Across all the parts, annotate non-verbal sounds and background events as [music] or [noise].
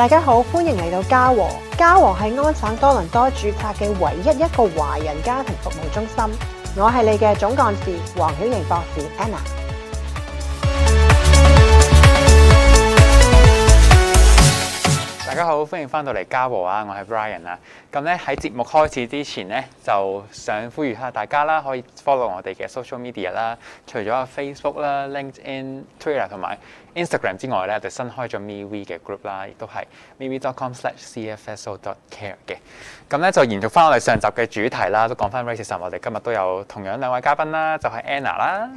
大家好，歡迎嚟到家和。家和係安省多倫多註冊嘅唯一一個華人家庭服務中心。我係你嘅總幹事黃曉瑩博士 Anna。大家好，歡迎翻到嚟家和啊！我係 Brian 啊。咁咧喺節目開始之前咧，就想呼籲下大家啦，可以 follow 我哋嘅 social media 啦，除咗 Facebook 啦、LinkedIn、Twitter 同埋。Instagram 之外咧，就新開咗 Me We 嘅 group 啦，亦都係 Me We dot com slash CFSO dot care 嘅。咁咧就延續翻我哋上集嘅主題啦，都講翻 racism。我哋今日都有同樣兩位嘉賓啦，就係、是、Anna 啦，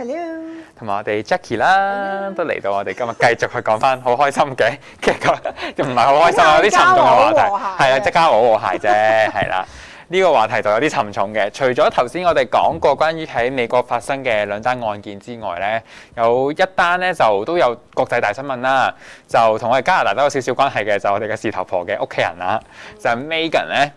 同埋 Hello. 我哋 Jackie 啦，Hello. 都嚟到我哋今日繼續去講翻，好開心嘅。其實今日就唔係好開心有、啊、啲 [laughs] 沉重嘅話題，係 [laughs] 啊，即刻好我和諧啫，係啦。呢個話題就有啲沉重嘅。除咗頭先我哋講過關於喺美國發生嘅兩單案件之外，呢有一單呢就都有國際大新聞啦，就同我哋加拿大都有少少關係嘅，就係我哋嘅事頭婆嘅屋企人啦，嗯、就係 Megan 呢。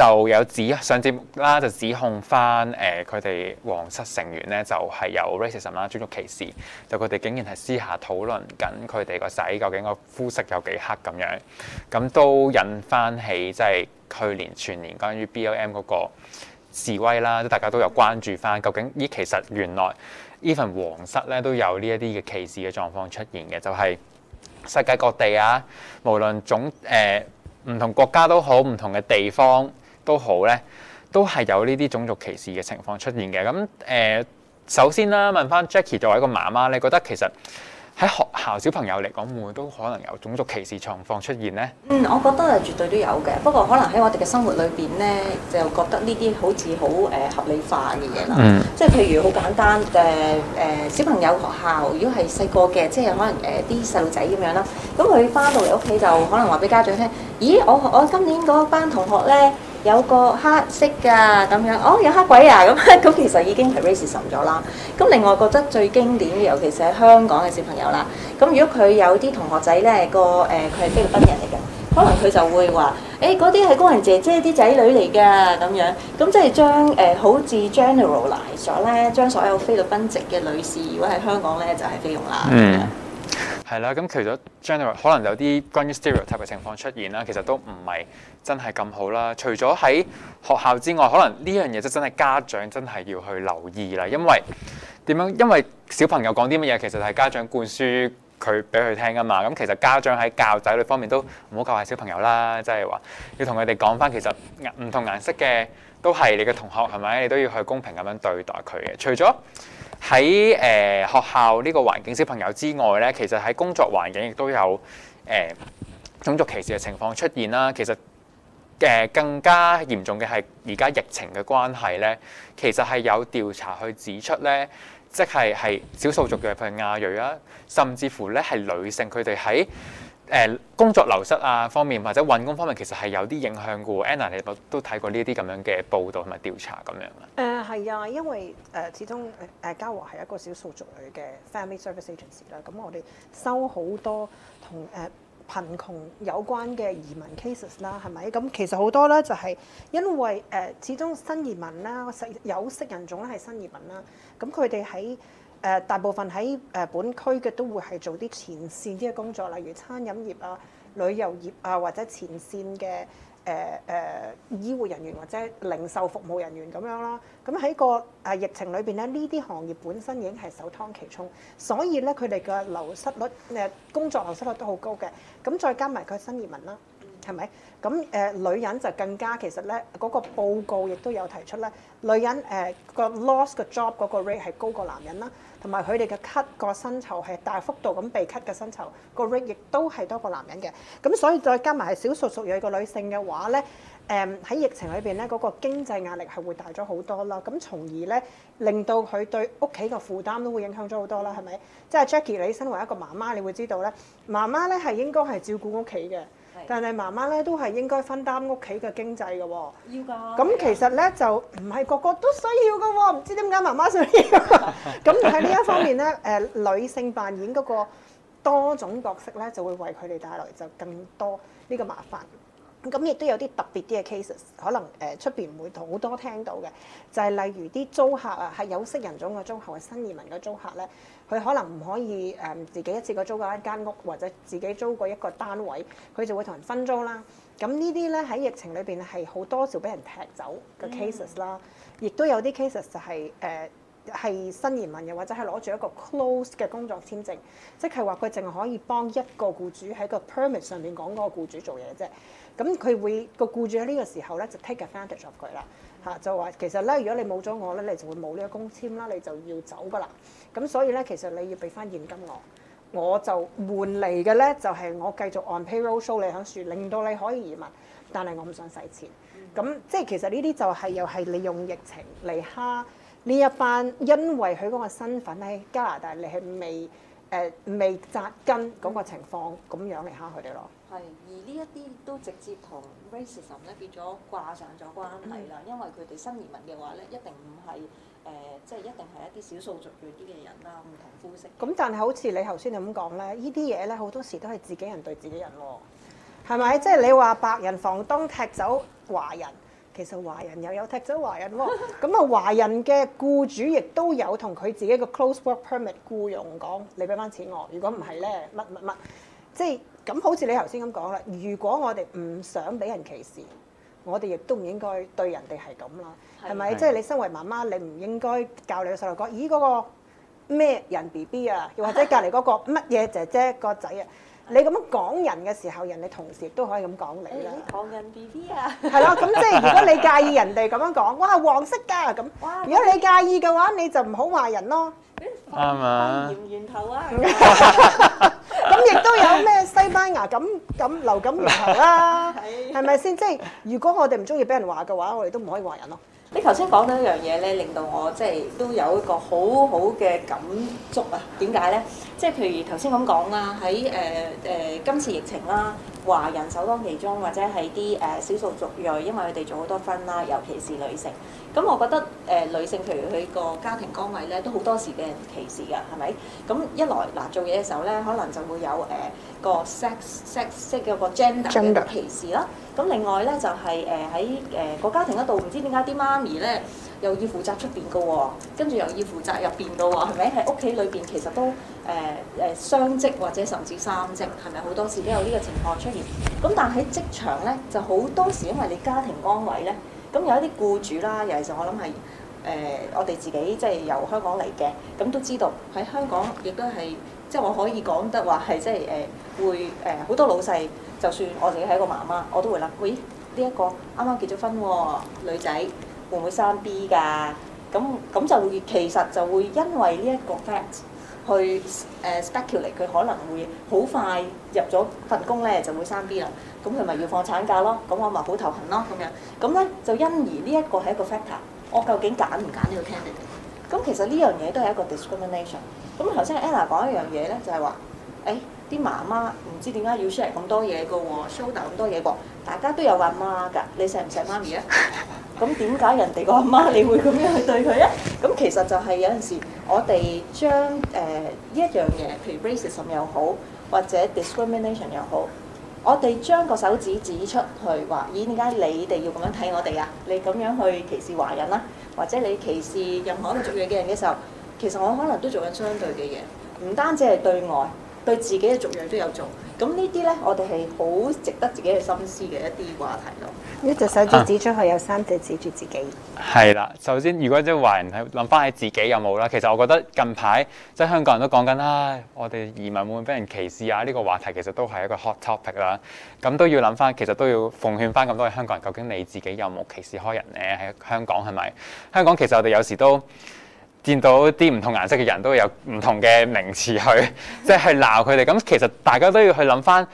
就有指上節目啦，就指控翻誒佢哋皇室成員咧，就係、是、有 racism 啦，種族歧視。就佢哋竟然係私下討論緊佢哋個仔究竟個膚色有幾黑咁樣，咁都引翻起即、就、係、是、去年全年關於 BLM 嗰個示威啦，大家都有關注翻，究竟依其實原來 Even 皇室咧都有呢一啲嘅歧視嘅狀況出現嘅，就係、是、世界各地啊，無論總誒唔、呃、同國家都好，唔同嘅地方。都好咧，都係有呢啲種族歧視嘅情況出現嘅。咁誒、呃，首先啦，問翻 Jackie 作為一個媽媽你覺得其實喺學校小朋友嚟講，會唔會都可能有種族歧視狀況出現咧？嗯，我覺得係絕對都有嘅。不過可能喺我哋嘅生活裏邊咧，就覺得呢啲好似好誒合理化嘅嘢啦。嗯、即係譬如好簡單誒誒、呃，小朋友學校如果係細個嘅，即係可能誒啲細路仔咁樣啦。咁佢翻到嚟屋企就可能話俾家長聽：咦，我我今年嗰班同學咧。有個黑色㗎咁樣，哦，有黑鬼啊，咁，咁其實已經係 racism 咗啦。咁另外覺得最經典嘅，尤其是喺香港嘅小朋友啦。咁如果佢有啲同學仔咧，個誒佢係菲律賓人嚟嘅，可能佢就會話：誒嗰啲係工人姐姐啲仔女嚟㗎咁樣。咁即係將誒、呃、好似 general 嚟咗咧，將所有菲律賓籍嘅女士，如果喺香港咧就係、是、菲傭啦。嗯。係啦，咁、嗯、除咗 general，可能有啲關於 stereotype 嘅情況出現啦，其實都唔係真係咁好啦。除咗喺學校之外，可能呢樣嘢即係真係家長真係要去留意啦。因為點樣？因為小朋友講啲乜嘢，其實係家長灌輸佢俾佢聽噶嘛。咁其實家長喺教仔女方面都唔好教壞小朋友啦。即係話要同佢哋講翻，其實唔同顏色嘅都係你嘅同學，係咪？你都要去公平咁樣對待佢嘅。除咗。喺誒、呃、學校呢個環境，小朋友之外咧，其實喺工作環境亦都有誒、呃、種族歧視嘅情況出現啦。其實誒、呃、更加嚴重嘅係而家疫情嘅關係咧，其實係有調查去指出咧，即係係少數族嘅，譬如亞裔啊，甚至乎咧係女性佢哋喺。誒、呃、工作流失啊方面，或者揾工方面，其實係有啲影響嘅。Anna，你都睇過呢啲咁樣嘅報道同埋調查咁樣啊？誒係啊，因為誒、呃、始終誒嘉和係一個少數族裔嘅 family service agency 啦、啊。咁、嗯、我哋收好多同誒貧窮有關嘅移民 cases 啦、啊，係咪？咁、嗯、其實好多咧就係、是、因為誒、呃、始終新移民啦、啊，有色人種咧係新移民啦。咁佢哋喺誒大部分喺誒本區嘅都會係做啲前線啲嘅工作，例如餐飲業啊、旅遊業啊，或者前線嘅誒誒醫護人員或者零售服務人員咁樣啦。咁喺個誒疫情裏邊咧，呢啲行業本身已經係首當其衝，所以咧佢哋嘅流失率誒工作流失率都好高嘅。咁再加埋佢新移民啦。係咪咁誒？女人就更加其實咧，嗰、那個報告亦都有提出咧。女人誒、呃、個 loss 個 job 嗰個 rate 係高過男人啦，同埋佢哋嘅 cut 個薪酬係大幅度咁被 cut 嘅薪酬個 rate 亦都係多過男人嘅。咁所以再加埋係少數屬於個女性嘅話咧，誒、嗯、喺疫情裏邊咧嗰個經濟壓力係會大咗好多啦。咁從而咧令到佢對屋企嘅負擔都會影響咗好多啦。係咪？即係 Jackie，你身為一個媽媽，你會知道咧，媽媽咧係應該係照顧屋企嘅。但係媽媽咧，都係應該分擔屋企嘅經濟嘅喎、哦。要㗎的。咁其實咧就唔係個個都需要嘅喎、哦，唔知點解媽媽想要。咁喺呢一方面咧，誒、 [laughs] 呃、女性扮演嗰個多種角色咧，就會為佢哋帶來就更多呢、呢個麻煩。咁亦都有啲特別啲嘅 cases，可能誒出邊唔會好多聽到嘅，就係、是、例如啲租客啊，係有色人種嘅租客，係新移民嘅租客咧，佢可能唔可以誒、呃、自己一次過租過一間屋，或者自己租過一個單位，佢就會同人分租啦。咁呢啲咧喺疫情裏邊係好多時劈、嗯、就俾人踢走嘅 cases 啦。亦都有啲 cases 就係誒係新移民，又或者係攞住一個 close 嘅工作簽證，即係話佢淨係可以幫一個僱主喺個 permit 上面講嗰個僱主做嘢啫。咁佢會個僱主喺呢個時候咧就 take advantage of 佢啦，嚇、嗯啊、就話其實咧如果你冇咗我咧，你就會冇呢個工簽啦，你就要走㗎啦。咁所以咧，其實你要俾翻現金我，我就換嚟嘅咧就係、是、我繼續按 payroll show 你喺樹，令到你可以移民，但係我唔想使錢。咁、嗯嗯嗯、即係其實呢啲就係、是、又係利用疫情嚟蝦呢一班因為佢嗰個身份喺加拿大你係未誒、呃、未紮根嗰個情況咁樣嚟蝦佢哋咯。係，而呢一啲都直接同 racism 咧變咗掛上咗關係啦，因為佢哋新移民嘅話咧，一定唔係誒，即、呃、係、就是、一定係一啲少數族裔啲嘅人啦，唔同膚色。咁但係好似你頭先咁講咧，呢啲嘢咧好多時都係自己人對自己人喎，係咪？即係你話白人房東踢走華人。其實華人又有踢咗華人喎，咁啊華人嘅僱主亦都有同佢自己嘅 close work permit 僱用講，你俾翻錢我。如果唔係咧，乜乜乜？即係咁好似你頭先咁講啦。如果我哋唔想俾人歧視，我哋亦都唔應該對人哋係咁啦，係咪？的即係你身為媽媽，你唔應該教你嘅細路講，咦嗰個咩人 B B 啊，又或者隔離嗰個乜嘢姐姐個仔啊？你咁樣講人嘅時候，人哋同時亦都可以咁講你啦。講緊 B B 啊，係咯，咁即係如果你介意人哋咁樣講，哇黃色㗎咁。哇！如果你介意嘅話，你就唔好話人咯。啱啊。謠源頭啊。咁亦都有咩西班牙咁咁流感源頭啦？係咪先？即係如果我哋唔中意俾人話嘅話，我哋都唔可以話人咯。你頭先講到一樣嘢咧，令到我即係都有一個好好嘅感觸啊？點解咧？即係譬如頭先咁講啦，喺誒誒今次疫情啦，華人首當其衝，或者係啲誒少數族裔，因為佢哋做好多分啦，尤其是女性。咁我覺得誒、呃、女性，譬如佢個家庭崗位咧，都好多時俾人歧視㗎，係咪？咁一來嗱、呃，做嘢嘅時候咧，可能就會有誒、呃、個 sex sex 式嘅個 gender 歧視啦。咁 Gender. 另外咧就係誒喺誒個家庭嗰度，唔知點解啲媽咪咧，又要負責出邊嘅喎，跟住又要負責入邊嘅喎，係咪？喺屋企裏邊其實都誒誒、呃、雙職或者甚至三職，係咪好多時都有呢個情況出現？咁但係喺職場咧，就好多時因為你家庭崗位咧，咁有一啲僱主啦，尤其係我諗係誒我哋自己即係由香港嚟嘅，咁都知道喺香港亦都係即係我可以講得話係即係誒、呃、會誒好、呃、多老細，就算我自己係一個媽媽，我都會諗，咦、哎？呢、這、一個啱啱結咗婚喎、呃、女仔。會唔會生 B 㗎？咁咁就其實就會因為呢一個 fact 去誒 speculate，佢可能會好快入咗份工咧，就會生 B 啦。咁佢咪要放產假咯？咁我咪好頭痕咯咁樣。咁咧就因而呢一個係一個 factor。我究竟揀唔揀呢個 candidate？咁其實呢樣嘢都係一個 discrimination。咁頭先 Anna 講一樣嘢咧，就係話誒啲媽媽唔知點解要 share 咁多嘢個喎，show down 咁多嘢個，大家都有阿媽㗎，你錫唔錫媽咪啊？咁點解人哋個阿媽你會咁樣去對佢啊？咁其實就係有陣時我，我哋將誒呢一樣嘢，譬如 racism 又好，或者 discrimination 又好，我哋將個手指指出去，話咦點解你哋要咁樣睇我哋啊？你咁樣去歧視華人啦，或者你歧視任何一個族裔嘅人嘅時候，其實我可能都做緊相對嘅嘢，唔單止係對外，對自己嘅族裔都有做。咁呢啲呢，我哋係好值得自己去深思嘅一啲話題咯。一隻手指指出去，有三隻指住自己。係啦、啊啊，首先如果即係華人係諗翻係自己有冇啦。其實我覺得近排即係香港人都講緊啊，我哋移民會唔會俾人歧視啊？呢、呢個話題其實都係一個 hot topic 啦。咁都要諗翻，其實都要奉勸翻咁多嘅香港人，究竟你自己有冇歧視開人呢？喺香港係咪？香港其實我哋有時都。見到啲唔同顏色嘅人都會有唔同嘅名詞去，即去，即係鬧佢哋咁。其實大家都要去諗翻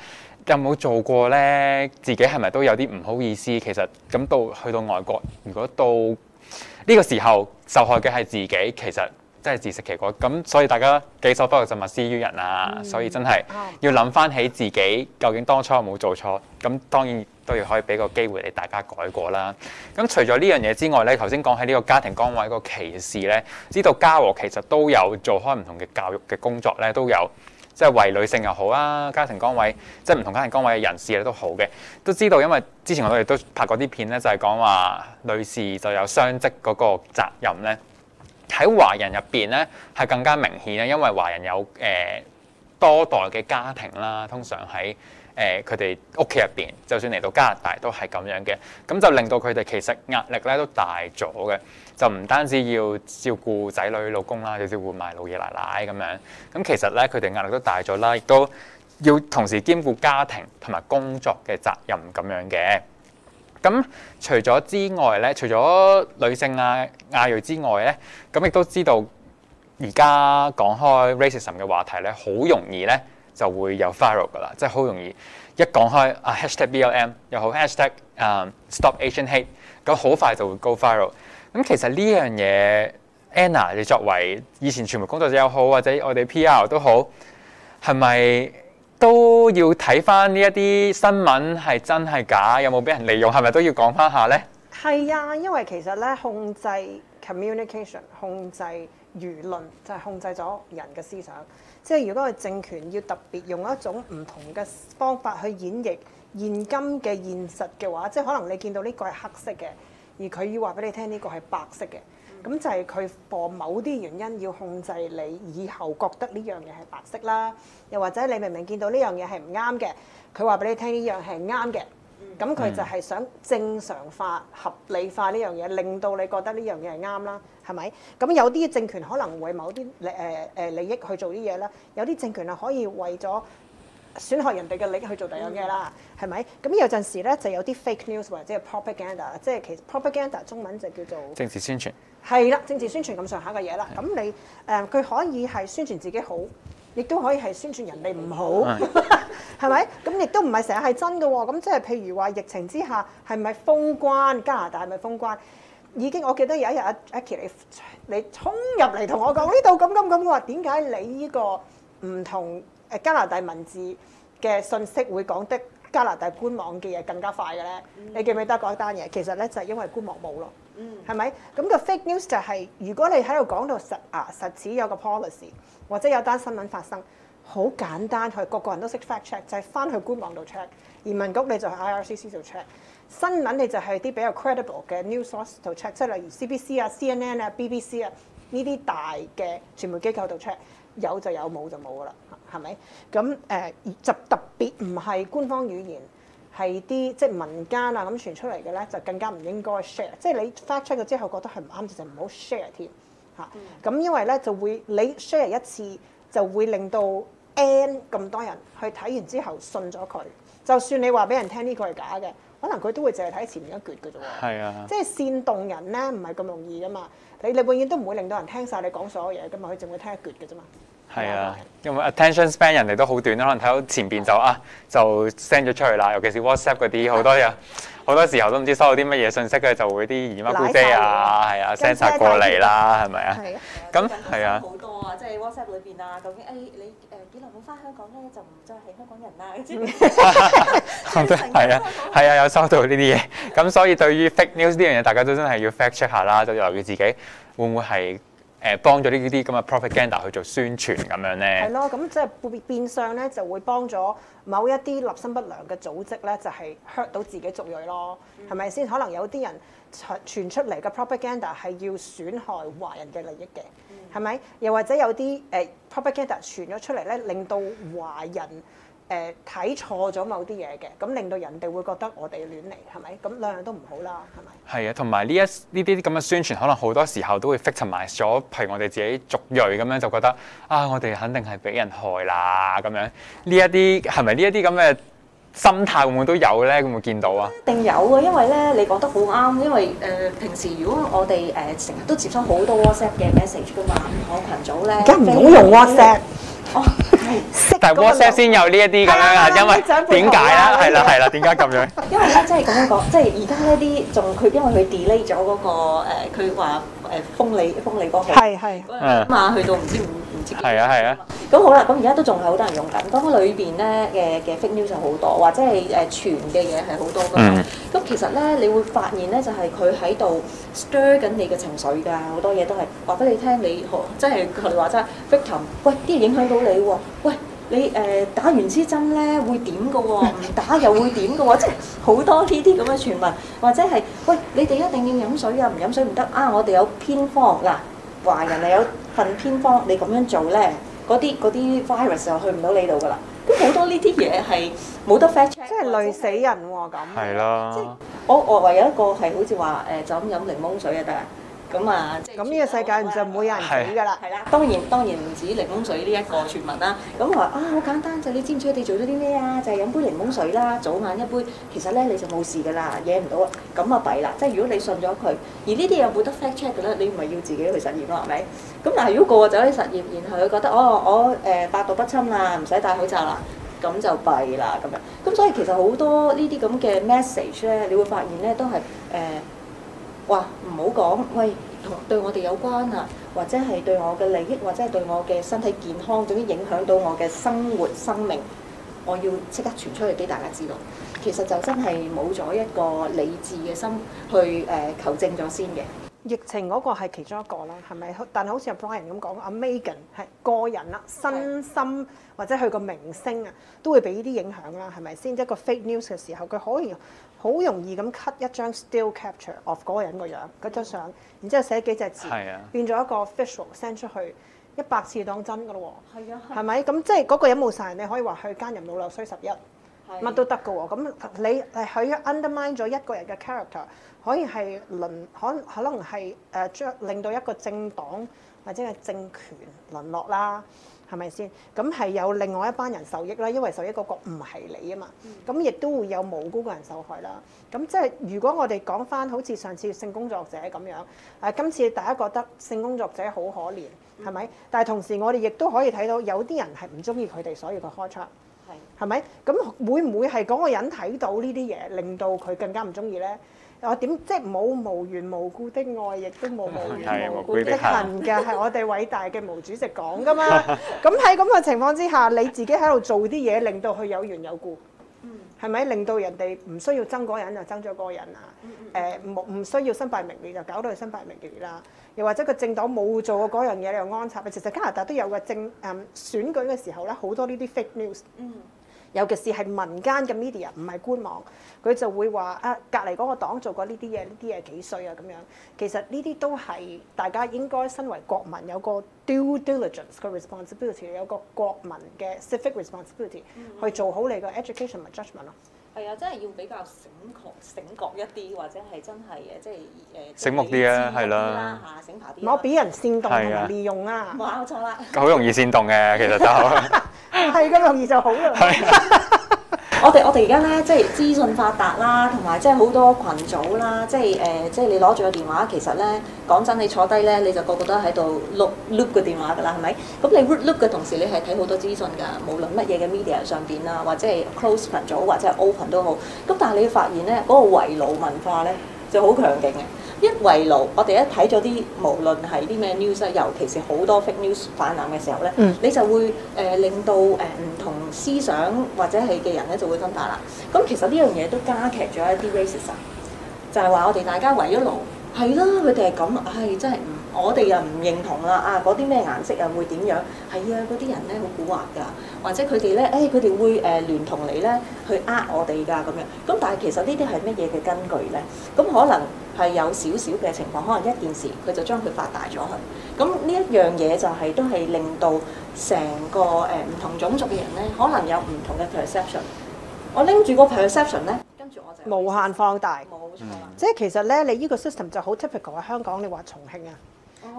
有冇做過呢？自己係咪都有啲唔好意思？其實咁到去到外國，如果到呢個時候受害嘅係自己，其實。真係自食其果咁，所以大家己所不欲就勿施於人啊！嗯、所以真係要諗翻起自己究竟當初有冇做錯？咁當然都要可以俾個機會你大家改過啦。咁除咗呢樣嘢之外咧，頭先講起呢個家庭崗位個歧視咧，知道家和其實都有做開唔同嘅教育嘅工作咧，都有即係、就是、為女性又好啊，家庭崗位即係唔同家庭崗位嘅人士咧都好嘅。都知道因為之前我哋都拍過啲片咧，就係講話女士就有雙職嗰個責任咧。喺華人入邊咧，係更加明顯咧，因為華人有誒、呃、多代嘅家庭啦，通常喺誒佢哋屋企入邊，就算嚟到加拿大都係咁樣嘅，咁就令到佢哋其實壓力咧都大咗嘅，就唔單止要照顧仔女老公啦，要照顧埋老爺奶奶咁樣，咁其實咧佢哋壓力都大咗啦，亦都要同時兼顧家庭同埋工作嘅責任咁樣嘅。咁、嗯、除咗之外咧，除咗女性啊亞裔之外咧，咁、嗯、亦都知道而家講開 racism 嘅話題咧，好容易咧就會有 viral 噶啦，即係好容易一講開啊、uh, #BLM 又好 #StopAsianHate 咁好快就會 go viral。咁、嗯、其實呢樣嘢，Anna 你作為以前傳媒工作者又好，或者我哋 PR 都好，係咪？都要睇翻呢一啲新聞係真係假的，有冇俾人利用，係咪都要講翻下呢？係啊，因為其實咧控制 communication、控制輿論就係、是、控制咗人嘅思想。即係如果個政權要特別用一種唔同嘅方法去演繹現今嘅現實嘅話，即係可能你見到呢個係黑色嘅，而佢要話俾你聽呢個係白色嘅。咁就係佢為某啲原因要控制你以後覺得呢樣嘢係白色啦，又或者你明明見到呢樣嘢係唔啱嘅，佢話俾你聽呢樣係啱嘅，咁佢就係想正常化、合理化呢樣嘢，令到你覺得呢樣嘢係啱啦，係咪？咁有啲政權可能為某啲利誒誒利益去做啲嘢啦，有啲政權係可以為咗。損害人哋嘅力去做第二樣嘢啦，係咪？咁有陣時咧就有啲 fake news 或者係 propaganda，即係其實 propaganda 中文就叫做政治宣傳係啦，政治宣傳咁上下嘅嘢啦。咁你誒、呃、佢可以係宣傳自己好，亦都可以係宣傳人哋唔好是的， [laughs] 係咪？咁亦都唔係成日係真㗎喎。咁即係譬如話疫情之下係咪封關？加拿大係咪封關？已經我記得有一日阿 Aki 你你衝入嚟同我講呢度咁咁咁，話點解你呢個唔同？誒加拿大文字嘅信息會講的加拿大官網嘅嘢更加快嘅咧，嗯、你記唔記得嗰單嘢？其實咧就係、是、因為官網冇咯，係咪、嗯？咁、那個 fake news 就係、是、如果你喺度講到實啊實時有個 policy 或者有單新聞發生，好簡單，佢個個人都識 fact check，就係、是、翻去官網度 check，移民局你就去 IRCC 度 check，新聞你就係啲比較 credible 嘅 news source 度 check，即係例如 CBC 啊、CNN 啊、BBC 啊。呢啲大嘅傳媒機構度 check 有就有，冇就冇噶啦，係咪？咁誒、呃、就特別唔係官方語言，係啲即係民間啊咁傳出嚟嘅咧，就更加唔應該 share。即係你發出咗之後覺得係唔啱，就唔好 share 添嚇。咁、啊、因為咧就會你 share 一次就會令到 n 咁多人去睇完之後信咗佢。就算你話俾人聽呢個係假嘅，可能佢都會淨係睇前面一橛嘅啫喎。係啊，即係煽動人咧，唔係咁容易噶嘛。你永遠都唔會令到人聽晒你講所有嘢噶嘛，佢凈會聽一橛嘅啫嘛。係啊，因為 attention span 人哋都好短啦，可能睇到前邊就啊就 send 咗出去啦。尤其是 WhatsApp 嗰啲好多嘢，好多、啊、好多時候都唔知收到啲乜嘢信息嘅就會啲姨媽姑姐啊係啊 send 晒過嚟啦，係咪吧啊？咁係、嗯、啊。即係、哦、WhatsApp 裏邊啊，究竟誒、哎、你誒幾耐冇翻香港咧，就唔再係香港人啦，咁之類。係啊，係啊，有收到呢啲嘢。咁所以對於 fake news 呢樣嘢，大家都真係要 fact check 下啦，就要留意自己會唔會係誒幫咗呢啲咁嘅 propaganda 去做宣傳咁樣咧？係咯，咁即係變相咧就會幫咗某一啲立心不良嘅組織咧，就係 hurt 到自己族裔咯，係咪先？可能有啲人傳傳出嚟嘅 propaganda 係要損害華人嘅利益嘅。係咪？又或者有啲誒 propaganda 傳咗出嚟咧，令到華人誒睇、呃、錯咗某啲嘢嘅，咁令到人哋會覺得我哋亂嚟，係咪？咁兩樣都唔好啦，係咪？係啊，同埋呢一呢啲咁嘅宣傳，可能好多時候都會 victimize 埋咗譬如我哋自己族裔咁樣，就覺得啊，我哋肯定係俾人害啦咁樣。呢一啲係咪呢一啲咁嘅是心態會唔會都有咧？會唔會見到啊？定有啊，因為咧你講得好啱，因為誒平時如果我哋誒成日都接收好多 WhatsApp 嘅 message 㗎嘛，我羣組咧而家唔好用 WhatsApp，哦係，但係 WhatsApp 先有呢一啲咁樣啊，因為點解咧？係啦係啦，點解咁樣？因為咧即係咁樣講，即係而家呢啲仲佢因為佢 delay 咗嗰個誒，佢話誒封你封你嗰個係係啊嘛，去到唔知。係啊係啊，咁好啦，咁而家都仲係好多人用緊，咁裏邊咧嘅嘅 fake news 就好多，或者係誒傳嘅嘢係好多噶咁，嗯、其實咧，你會發現咧，就係佢喺度 stir 緊你嘅情緒㗎，好多嘢都係話俾你聽你，你學即係佢話齋，fit 堂喂啲影響到你喎，喂你誒、呃、打完支針咧會點㗎喎，唔打又會點㗎喎，即係好多呢啲咁嘅傳聞，或者係喂你哋一定要飲水啊，唔飲水唔得啊，我哋有偏方嗱。話人哋有份偏方，你咁樣做咧，嗰啲嗰啲 virus 就去唔到你度噶啦。咁好多呢啲嘢係冇得 fact check 即係累死人喎、哦！咁。係啦的。我我唯有一個係好似話誒，就咁飲檸檬水就得。咁啊，咁呢個世界、嗯、就唔會有人死㗎啦。當然當然唔止檸檬水呢一個傳聞啦。咁我話啊好簡單，就係、你知唔知佢哋做咗啲咩啊？就係、係、飲杯檸檬水啦，早晚一杯。其實咧你就冇事㗎啦，嘢唔到。啊。咁啊弊啦，即係如果你信咗佢。而呢啲又冇得 fact check 㗎咧，你唔係要自己去實驗咯，係咪？咁但係如果過咗啲實驗，然後佢覺得哦，我誒、呃、百毒不侵啦，唔使戴口罩啦，咁就弊啦咁樣。咁所以其實好多呢啲咁嘅 message 咧，你會發現咧都係誒。呃哇唔好講，喂，同對我哋有關啊，或者係對我嘅利益，或者係對我嘅身體健康，總之影響到我嘅生活生命，我要即刻傳出去俾大家知道。其實就真係冇咗一個理智嘅心去誒求證咗先嘅。疫情嗰個係其中一個啦，係咪？但係好似阿 Brian 咁講，Amazing 係個人啦、身心或者佢個明星啊，都會俾呢啲影響啦，係咪先？一個 fake news 嘅時候，佢可以。好容易咁 cut 一張 still capture of 嗰個人個樣嗰張相，然之後寫幾隻字，的變咗一個 official send 出去一百次當真噶咯喎，係咪咁即係嗰個人冇晒，你可以話佢奸淫老竇衰十一，乜的都得噶喎。咁你係佢 undermine 咗一個人嘅 character，可以係淪可可能係誒將令到一個政黨或者係政權淪落啦。係咪先？咁係有另外一班人受益啦，因為受益嗰個唔係你啊嘛。咁亦都會有無辜嘅人受害啦。咁即係如果我哋講翻好似上次性工作者咁樣，誒、啊、今次大家覺得性工作者好可憐，係咪？嗯、但係同時我哋亦都可以睇到有啲人係唔中意佢哋，所以佢開槍，係係咪？咁會唔會係嗰個人睇到呢啲嘢，令到佢更加唔中意咧？我點，即係冇無緣無故的愛，亦都冇無緣無故的恨㗎，係我哋偉大嘅毛主席講㗎嘛。咁喺咁嘅情況之下，你自己喺度做啲嘢，令到佢有緣有故，係咪令到人哋唔需要憎嗰個人就憎咗嗰個人啊？誒，唔唔需要身敗名裂就搞到佢身敗名裂啦。又或者個政黨冇做嗰樣嘢你又安插。其實加拿大都有個政，誒，選舉嘅時候咧，好多呢啲 fake news，尤其是係民間嘅 media，唔係官網。佢就會話啊，隔離嗰個黨做過呢啲嘢，呢啲嘢幾衰啊咁樣。其實呢啲都係大家應該身為國民有個 due diligence 嘅 responsibility，有個國民嘅 civic responsibility 去做好你個 education 同 judgement 咯。係啊，真係要比較醒覺、醒覺一啲，或者係真係嘅，即係誒醒目啲啊，係啦，醒爬啲，唔好俾人煽動同利用啊！冇搞錯啦，好容易煽動嘅其實就係咁容易就好啦。我哋我哋而家咧，即係資訊發達啦，同埋即係好多群組啦，即係誒、呃，即係你攞住個電話，其實咧講真，你坐低咧，你就個個都喺度 look look 個電話噶啦，係咪？咁你 look look 嘅同時，你係睇好多資訊㗎，無論乜嘢嘅 media 上邊啊，或者係 close 羣組或者係 open 都好。咁但係你會發現咧，嗰、那個圍爐文化咧就好強勁嘅。一圍爐，我哋一睇咗啲，無論係啲咩 news，尤其是好多 fake news 氾濫嘅時候咧，mm。你就會誒、呃、令到誒唔、呃、同思想或者係嘅人咧就會分化啦。咁、嗯、其實呢樣嘢都加劇咗一啲 racism，就係話我哋大家圍咗爐係啦，佢哋係噉唉，真係唔我哋又唔認同啊啊嗰啲咩顏色啊會點樣係啊嗰啲人咧好古惑㗎，或者佢哋咧誒佢哋會誒聯、呃呃、同你咧去呃我哋㗎咁樣咁，但係其實呢啲係乜嘢嘅根據咧？咁可能。係有少少嘅情況，可能一件事佢就將佢發大咗去。咁呢一樣嘢就係、是、都係令到成個誒唔、呃、同種族嘅人咧，可能有唔同嘅 perception。我拎住個 perception 咧，跟住我就無限放大。冇錯、嗯，即係其實咧，你呢個 system 就好 typical 喺香港，你話重慶啊，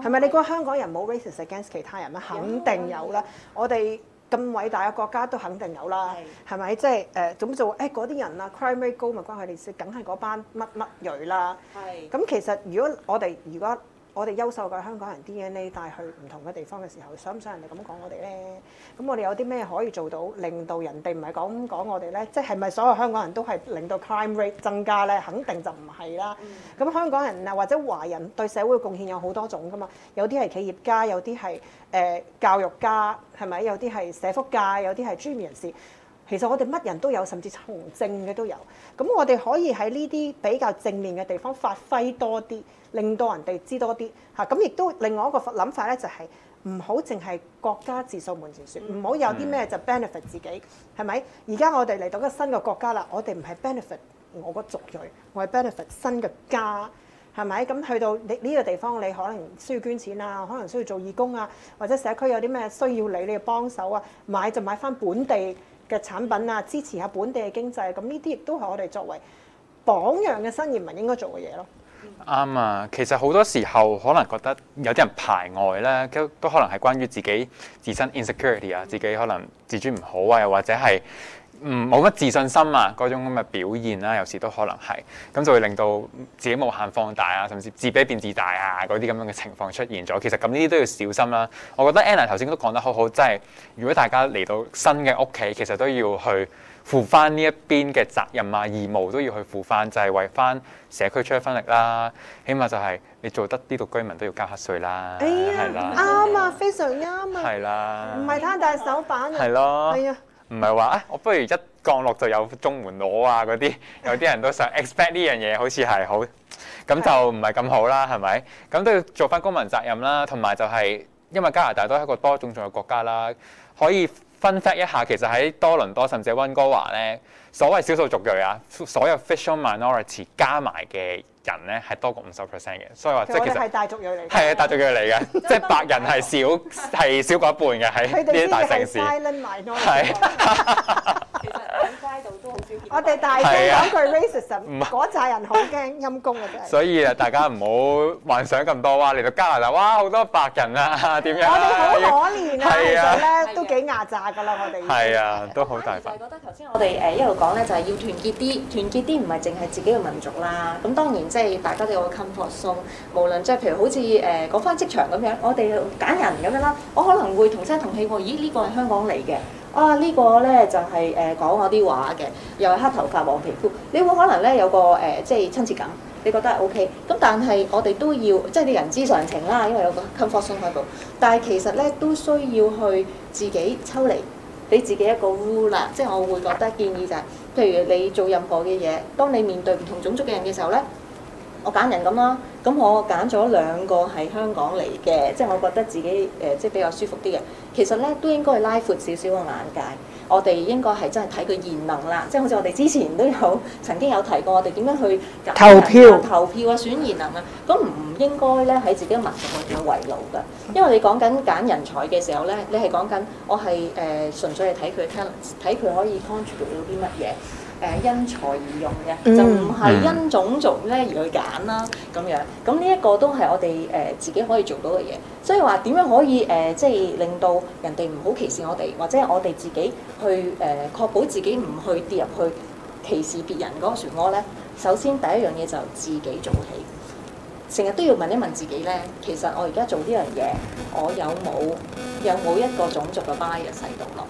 係咪、哦、你個香港人冇 racism against 其他人咧？肯定有啦。嗯、我哋咁偉大嘅國家都肯定有啦，係咪是的？即係誒，總之就誒嗰啲人啊，crime rate 高咪關佢哋事，梗係嗰班乜乜裔啦。係咁是的 其實如果我哋如果我哋優秀嘅香港人 DNA 帶去唔同嘅地方嘅時候，想唔想人哋咁講我哋咧？咁我哋有啲咩可以做到，令到人哋唔係咁講我哋咧？即係咪所有香港人都係令到 crime rate 增加咧？肯定就唔係啦。咁、嗯、香港人啊，或者華人對社會嘅貢獻有好多種噶嘛，有啲係企業家，有啲係誒教育家，係咪？有啲係社福界，有啲係專業人士。其實我哋乜人都有，甚至從政嘅都有。咁我哋可以喺呢啲比較正面嘅地方發揮多啲，令到人哋知多啲吓。咁、啊、亦都另外一個諗法咧，就係唔好淨係國家自掃門前雪，唔好有啲咩就 benefit 自己係咪？而家我哋嚟到一個新嘅國家啦，我哋唔係 benefit 我個族裔，我係 benefit 新嘅家係咪？咁去到你呢、這個地方，你可能需要捐錢啦，可能需要做義工啊，或者社區有啲咩需要你，你幫手啊，買就買翻本地。嘅產品啊，支持下本地嘅經濟啊，咁呢啲亦都係我哋作為榜樣嘅新移民應該做嘅嘢咯。啱啊、嗯，um, 其實好多時候可能覺得有啲人排外咧，都都可能係關於自己自身 insecurity 啊，自己可能自尊唔好啊，又或者係，唔冇乜自信心啊，嗰種咁嘅表現啦、啊，有時都可能係咁就會令到自己無限放大啊，甚至自卑變自大啊，嗰啲咁樣嘅情況出現咗。其實咁呢啲都要小心啦、啊。我覺得 Anna 頭先都講得好好，即係如果大家嚟到新嘅屋企，其實都要去負翻呢一邊嘅責任啊、義務都要去負翻，就係、是、為翻社區出一分力啦、啊。起碼就係你做得呢度居民都要交下稅啦。哎呀，啱啊，啦啦非常啱啦啊。係啦，唔係攤大手板。係咯，係啊。啊。唔係話啊，我不如一降落就有中門攞啊嗰啲，有啲人都想 expect 呢 [laughs] 樣嘢，好似係好咁就唔係咁好啦，係咪？咁都要做翻公民責任啦，同埋就係、係、因為加拿大都係一個多種族嘅國家啦，可以分 fact 一下，其實喺多倫多甚至溫哥華呢，所謂少數族裔啊，所有 official minority 加埋嘅。人咧係多過五十 percent 嘅，所以話，即係其實係大族裔嚟嘅。係啊，大族裔嚟嘅， [laughs] 即係白人係少係少過一半嘅喺呢啲大城市，係係 [laughs] 是。 [laughs] [laughs] 我哋大聲講句 racism，嗰扎人好驚陰功嘅啫。 [laughs] 真是所以啊，大家唔好幻想咁多啊。嚟到加拿大，哇，好多白人啊，點樣、啊我？我哋好可憐啊，其實咧都幾壓榨㗎啦，我哋。係啊，都好大。覺得頭先我哋誒一路講咧就係要團結啲，團結啲唔係淨係自己嘅民族啦。咁當然即係大家都有個 comfort zone，無論即係譬如好似誒講翻職場咁樣，我哋揀人咁樣啦，我可能會同聲同氣，我咦呢個係香港嚟嘅。啊！這個、呢個咧就係誒講我啲畫嘅，又係黑頭髮、黃皮膚，你會可能咧有個誒、呃、即係親切感，你覺得係 O K。咁但係我哋都要即係人之常情啦，因為有個 comforting 喺度。但係其實咧都需要去自己抽離，俾自己一個 r u l e n 即係我會覺得建議就係、是，譬如你做任何嘅嘢，當你面對唔同種族嘅人嘅時候咧。我揀人咁啦，咁我揀咗兩個係香港嚟嘅，即係我覺得自己誒、呃、即係比較舒服啲嘅。其實咧都應該係拉闊少少嘅眼界，我哋應該係真係睇佢賢能啦。即係好似我哋之前都有曾經有提過，我哋點樣去投票投票啊選賢能啊，咁唔應該咧喺自己嘅文化裏邊圍爐㗎。因為你講緊揀人才嘅時候咧，你係講緊我係誒、呃、純粹係睇佢睇佢可以 control 到啲乜嘢。誒、因材而用嘅，嗯、就唔係因種族咧而去揀啦咁樣。咁呢一個都係我哋誒、呃、自己可以做到嘅嘢。所以話點樣可以誒、呃，即係令到人哋唔好歧視我哋，或者我哋自己去誒、呃、確保自己唔去跌入去歧視別人嗰個漩渦咧。首先第一樣嘢就自己做起，成日都要問一問自己咧。其實我而家做呢樣嘢，我有冇有冇一個種族嘅 bias 喺度咯？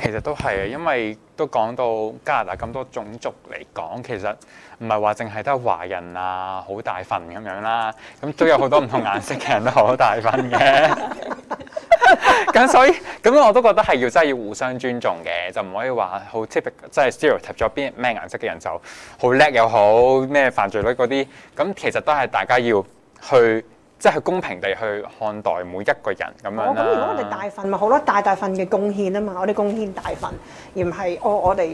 其實都係啊，因為都講到加拿大咁多種族嚟講，其實唔係話淨係得華人啊好大份咁樣啦，咁都有好多唔同顏色嘅人都好大份嘅。咁 [laughs] [laughs] 所以咁我都覺得係要真係要互相尊重嘅，就唔可以話好 typical，即係 stereotype 咗邊咩顏色嘅人就好叻又好咩犯罪率嗰啲，咁其實都係大家要去。即係公平地去看待每一個人咁樣啦，啊。咁如果我哋大份咪好咯，多大大份嘅貢獻啊嘛，我哋貢獻大份，而唔係我我哋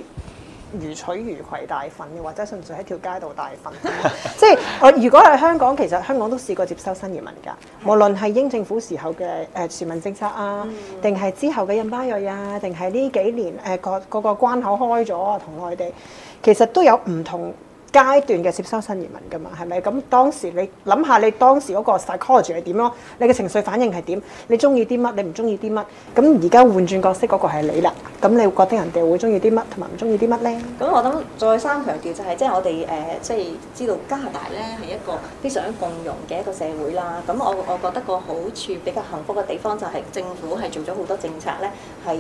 如取如攜大份，或者純粹喺條街度大份。 [laughs] 即係我如果喺香港，其實香港都試過接收新移民噶，是無論係英政府時候嘅誒移民政策啊，定係，嗯、之後嘅印巴裔啊，定係呢幾年誒、呃、各嗰個關口開咗啊，同內地，其實都有唔同階段嘅接收新移民㗎嘛，係咪？咁當時你諗下，你當時嗰個 psychology 係點咯？你嘅情緒反應係點？你中意啲乜？你唔中意啲乜？咁而家換轉角色嗰個係你啦，咁你會覺得人哋會中意啲乜同埋唔中意啲乜咧？咁我諗再三強調就係，即係我哋誒，即係知道加拿大咧係一個非常共融嘅一個社會啦。咁我我覺得個好處比較幸福嘅地方就係政府係做咗好多政策咧，係誒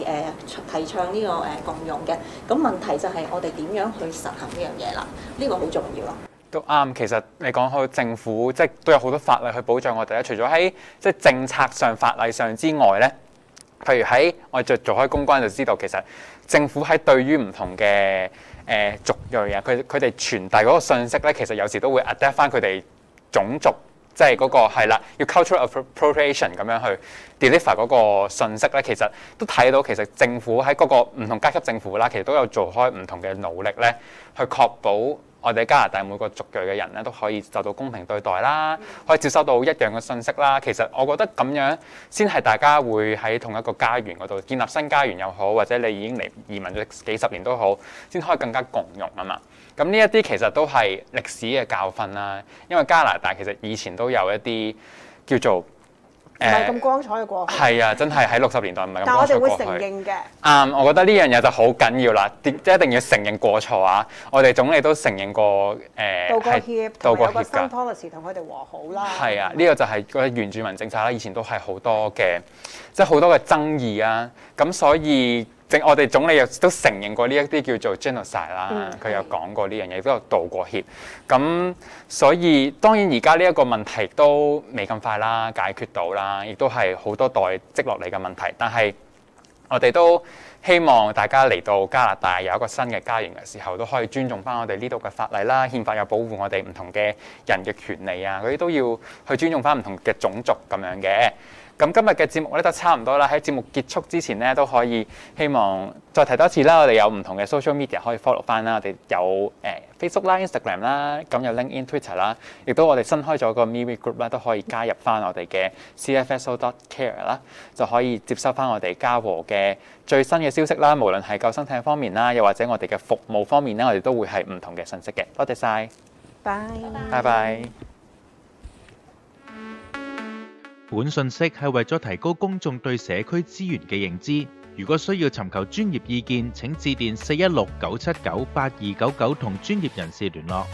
提倡呢個誒共融嘅。咁問題就係我哋點樣去實行呢樣嘢啦？呢個好重要啊！都啱。其實你講開政府，即係都有好多法例去保障我哋啦。除咗喺即係政策上、法例上之外咧，譬如喺我哋做做開公關就知道，其實政府喺對於唔同嘅誒、呃、族裔啊，佢佢哋傳遞嗰個信息咧，其實有時都會 adapt 翻佢哋種族，即係嗰、那個係啦，要 cultural appropriation 咁樣去 deliver 嗰個信息咧。其實都睇到其實政府喺嗰個唔同階級政府啦，其實都有做開唔同嘅努力咧，去確保。我哋喺加拿大每個族裔嘅人咧都可以受到公平對待啦，可以接收到一樣嘅信息啦。其實我覺得咁樣先係大家會喺同一個家園嗰度建立新家園又好，或者你已經嚟移民咗幾十年都好，先可以更加共融啊嘛。咁呢一啲其實都係歷史嘅教訓啦。因為加拿大其實以前都有一啲叫做唔係咁光彩嘅過去。係、呃、啊，真係喺六十年代唔係咁光彩過去。但我哋會承認嘅。嗯，um, 我覺得呢樣嘢就好緊要啦，即一定要承認過錯啊！我哋總理都承認過，誒、呃、係。道過歉同，是道過歉，同佢哋和好啦。係、嗯、啊，呢個就係嗰個原住民政策啦。以前都係好多嘅，即係好多嘅爭議啊。咁所以。正我哋總理又都承認過呢一啲叫做 genocide 啦、嗯，佢有講過呢樣嘢，都有道過歉。咁所以當然而家呢一個問題都未咁快啦解決到啦，亦都係好多代積落嚟嘅問題。但係我哋都希望大家嚟到加拿大有一個新嘅家園嘅時候，都可以尊重翻我哋呢度嘅法例啦，憲法有保護我哋唔同嘅人嘅權利啊，嗰啲都要去尊重翻唔同嘅種族咁樣嘅。咁今日嘅節目咧都差唔多啦，喺節目結束之前咧都可以希望再提多次啦。我哋有唔同嘅 social media 可以 follow 翻啦，我哋有誒、呃、Facebook 啦、Instagram 啦，咁有 LinkedIn、Twitter 啦，亦都我哋新開咗個 Mimi Group 啦，都可以加入翻我哋嘅 CFSO dot Care 啦，嗯、就可以接收翻我哋嘉禾嘅最新嘅消息啦。無論係救生艇方面啦，又或者我哋嘅服務方面啦，我哋都會係唔同嘅信息嘅。多謝晒，拜，拜拜。本信息係為咗提高公眾對社區資源嘅認知。如果需要尋求專業意見，請致電四一六九七九八二九九同專業人士聯絡。